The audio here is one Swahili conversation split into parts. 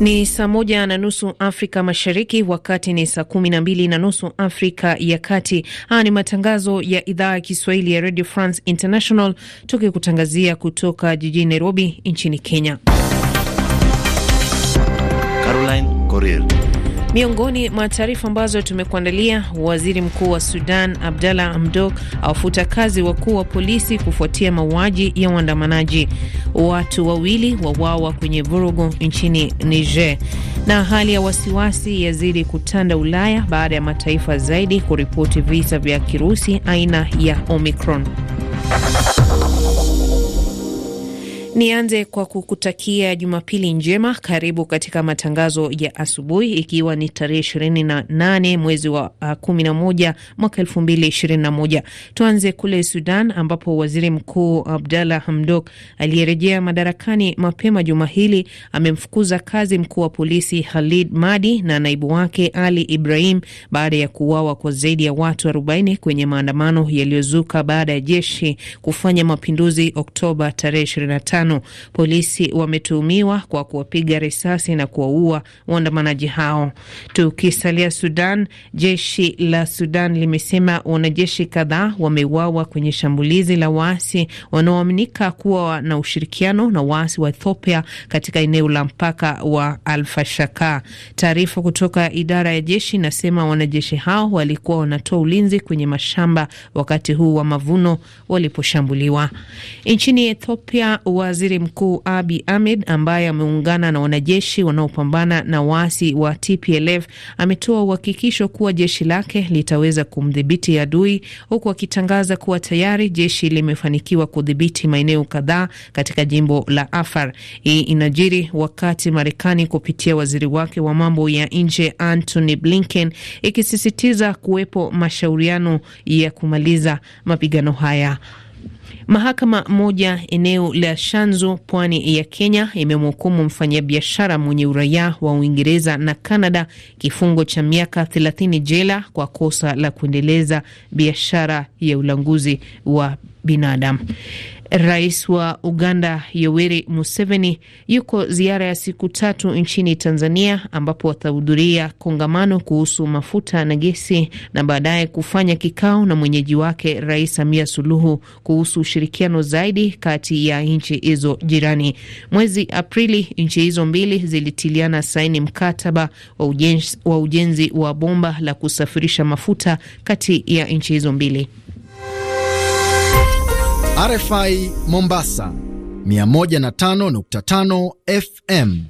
Ni saa moja na nusu Afrika Mashariki, wakati ni saa kumi na mbili na nusu Afrika ya Kati. Haya ni matangazo ya idhaa ya Kiswahili ya Radio France International, tukikutangazia kutoka jijini Nairobi nchini Kenya. Caroline Corrier Miongoni mwa taarifa ambazo tumekuandalia, waziri mkuu wa Sudan Abdalla Hamdok awafuta kazi wakuu wa polisi kufuatia mauaji ya waandamanaji. Watu wawili wawawa kwenye vurugu nchini Niger, na hali ya wasiwasi yazidi kutanda Ulaya baada ya mataifa zaidi kuripoti visa vya kirusi aina ya Omicron. Nianze kwa kukutakia Jumapili njema. Karibu katika matangazo ya asubuhi, ikiwa ni tarehe 28 mwezi wa ah, moja mwaka moja. Tuanze kule Sudan ambapo waziri mkuu Abdalla Hamdok aliyerejea madarakani mapema juma hili amemfukuza kazi mkuu wa polisi Khalid Madi na naibu wake Ali Ibrahim baada ya kuuawa kwa zaidi ya watu 40 kwenye maandamano yaliyozuka baada ya jeshi kufanya mapinduzi Oktoba tarehe 25. Jumatano. Polisi wametuhumiwa kwa kuwapiga risasi na kuwaua waandamanaji hao. Tukisalia Sudan, jeshi la Sudan limesema wanajeshi kadhaa wameuawa kwenye shambulizi la waasi wanaoaminika kuwa na ushirikiano na waasi wa Ethiopia katika eneo la mpaka wa Alfashaka. Taarifa kutoka idara ya jeshi inasema wanajeshi hao walikuwa wanatoa ulinzi kwenye mashamba wakati huu wa mavuno waliposhambuliwa. Nchini Ethiopia wa Waziri Mkuu Abi Ahmed ambaye ameungana na wanajeshi wanaopambana na waasi wa TPLF ametoa uhakikisho kuwa jeshi lake litaweza kumdhibiti adui, huku akitangaza kuwa tayari jeshi limefanikiwa kudhibiti maeneo kadhaa katika jimbo la Afar. Hii inajiri wakati Marekani kupitia waziri wake wa mambo ya nje Antony Blinken ikisisitiza kuwepo mashauriano ya kumaliza mapigano haya. Mahakama moja eneo la Shanzu, pwani ya Kenya, imemhukumu mfanyabiashara mwenye uraia wa Uingereza na Kanada kifungo cha miaka 30 jela kwa kosa la kuendeleza biashara ya ulanguzi wa binadamu. Rais wa Uganda Yoweri Museveni yuko ziara ya siku tatu nchini Tanzania, ambapo watahudhuria kongamano kuhusu mafuta na gesi na baadaye kufanya kikao na mwenyeji wake Rais Samia Suluhu kuhusu ushirikiano zaidi kati ya nchi hizo jirani. Mwezi Aprili, nchi hizo mbili zilitiliana saini mkataba wa ujenzi wa, ujenzi wa bomba la kusafirisha mafuta kati ya nchi hizo mbili. RFI Mombasa 105.5 FM.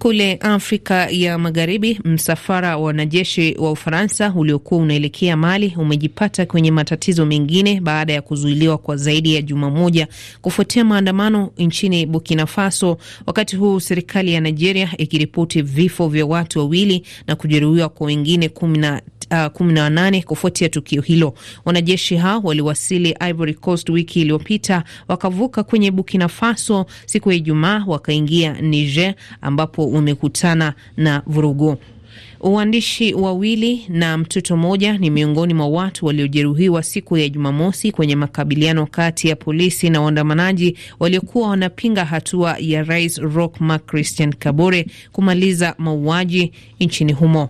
Kule Afrika ya Magharibi, msafara wa wanajeshi wa Ufaransa uliokuwa unaelekea Mali umejipata kwenye matatizo mengine baada ya kuzuiliwa kwa zaidi ya juma moja kufuatia maandamano nchini Burkina Faso, wakati huu serikali ya Nigeria ikiripoti vifo vya watu wawili na kujeruhiwa kwa wengine kumi na uh, kumi na wanane kufuatia tukio hilo. Wanajeshi hao waliwasili Ivory Coast wiki iliyopita, wakavuka kwenye Burkina Faso siku ya Ijumaa, wakaingia Niger ambapo umekutana na vurugu. uandishi wawili na mtoto mmoja ni miongoni mwa watu waliojeruhiwa siku ya Jumamosi kwenye makabiliano kati ya polisi na waandamanaji waliokuwa wanapinga hatua ya Rais Roch Marc Christian Kabore kumaliza mauaji nchini humo.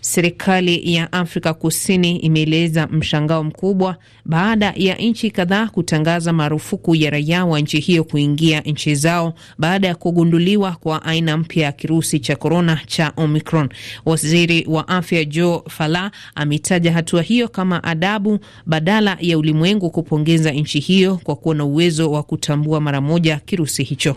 Serikali ya Afrika Kusini imeeleza mshangao mkubwa baada ya nchi kadhaa kutangaza marufuku ya raia wa nchi hiyo kuingia nchi zao baada ya kugunduliwa kwa aina mpya ya kirusi cha korona cha Omicron. Waziri wa afya Joe Fala ametaja hatua hiyo kama adabu badala ya ulimwengu kupongeza nchi hiyo kwa kuwa na uwezo wa kutambua mara moja kirusi hicho.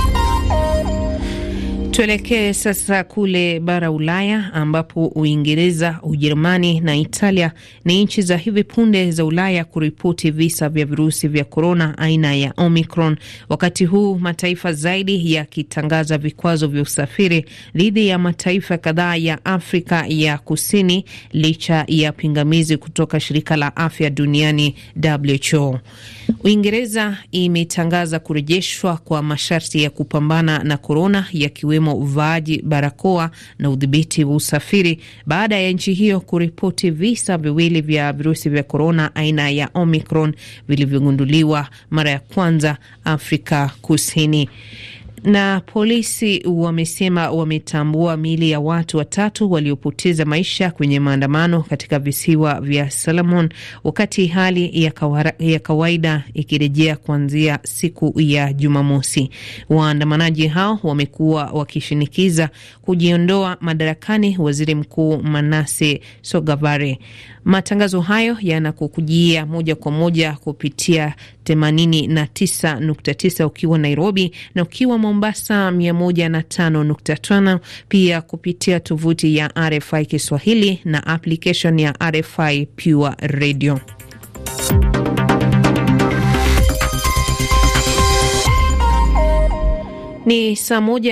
Tuelekee sasa kule bara Ulaya ambapo Uingereza, Ujerumani na Italia ni nchi za hivi punde za Ulaya kuripoti visa vya virusi vya korona aina ya Omicron, wakati huu mataifa zaidi yakitangaza vikwazo vya usafiri dhidi ya mataifa kadhaa ya Afrika ya Kusini, licha ya pingamizi kutoka shirika la afya duniani WHO. Uingereza imetangaza kurejeshwa kwa masharti ya kupambana na korona yakiwemo ikiwemo uvaaji barakoa na udhibiti wa usafiri baada ya nchi hiyo kuripoti visa viwili vya virusi vya korona aina ya Omicron vilivyogunduliwa mara ya kwanza Afrika Kusini. Na polisi wamesema wametambua miili ya watu watatu waliopoteza maisha kwenye maandamano katika visiwa vya Solomon, wakati hali ya, kawara, ya kawaida ikirejea kuanzia siku ya Jumamosi. Waandamanaji hao wamekuwa wakishinikiza kujiondoa madarakani waziri mkuu Manase Sogavare. Matangazo hayo yanakukujia moja kwa moja kupitia 89.9 ukiwa Nairobi na ukiwa Mombasa 105.5, pia kupitia tovuti ya RFI Kiswahili na application ya RFI Pure Radio. Ni saa moja